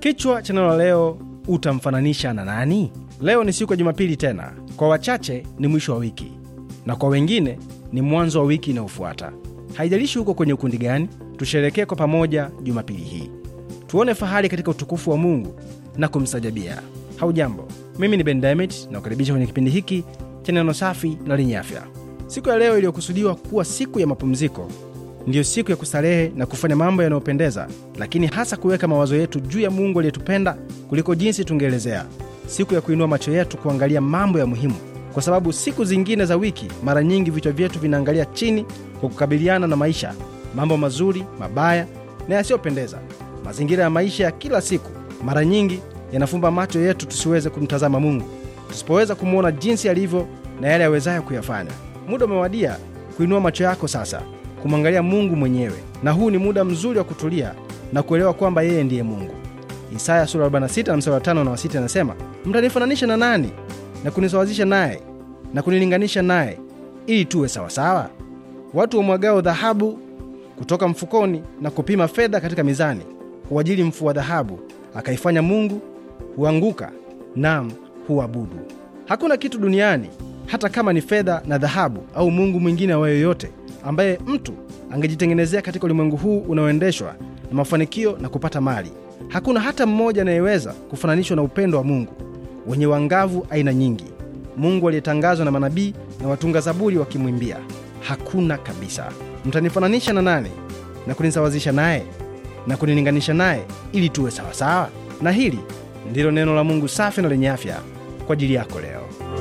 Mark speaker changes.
Speaker 1: Kichwa cha neno leo, utamfananisha na nani? Leo ni siku ya Jumapili tena, kwa wachache ni mwisho wa wiki, na kwa wengine ni mwanzo wa wiki inayofuata. Haijalishi huko kwenye ukundi gani, tusherekee kwa pamoja Jumapili hii, tuone fahari katika utukufu wa Mungu na kumsajabia. Haujambo, mimi ni Ben Dynamite na kukaribisha kwenye kipindi hiki cha neno safi na lenye afya. Siku ya leo iliyokusudiwa kuwa siku ya mapumziko ndiyo siku ya kusalehe na kufanya mambo yanayopendeza, lakini hasa kuweka mawazo yetu juu ya Mungu aliyetupenda kuliko jinsi tungeelezea, siku ya kuinua macho yetu kuangalia mambo ya muhimu, kwa sababu siku zingine za wiki mara nyingi vichwa vyetu vinaangalia chini kwa kukabiliana na maisha, mambo mazuri, mabaya na yasiyopendeza. Mazingira ya maisha ya kila siku mara nyingi yanafumba macho yetu tusiweze kumtazama Mungu, tusipoweza kumwona jinsi alivyo na yale yawezayo kuyafanya. Muda umewadia kuinua macho yako sasa kumwangalia Mungu mwenyewe, na huu ni muda mzuri wa kutulia na kuelewa kwamba yeye ndiye Mungu. Isaya sura 46 na mstari wa 5 na 6 anasema, mtanifananisha na nani na kunisawazisha naye na kunilinganisha naye ili tuwe sawasawa? Watu wamwagao dhahabu kutoka mfukoni na kupima fedha katika mizani, mfu mfua dhahabu akaifanya mungu, huanguka nam huabudu. Hakuna kitu duniani hata kama ni fedha na dhahabu au mungu mwingine wa yoyote ambaye mtu angejitengenezea katika ulimwengu huu unaoendeshwa na mafanikio na kupata mali. Hakuna hata mmoja anayeweza kufananishwa na upendo wa Mungu wenye wangavu aina nyingi, Mungu aliyetangazwa na manabii na watunga zaburi wakimwimbia. Hakuna kabisa. Mtanifananisha na nani na kunisawazisha naye na kunilinganisha naye ili tuwe sawasawa? Na hili ndilo neno la Mungu safi na lenye afya kwa ajili yako leo.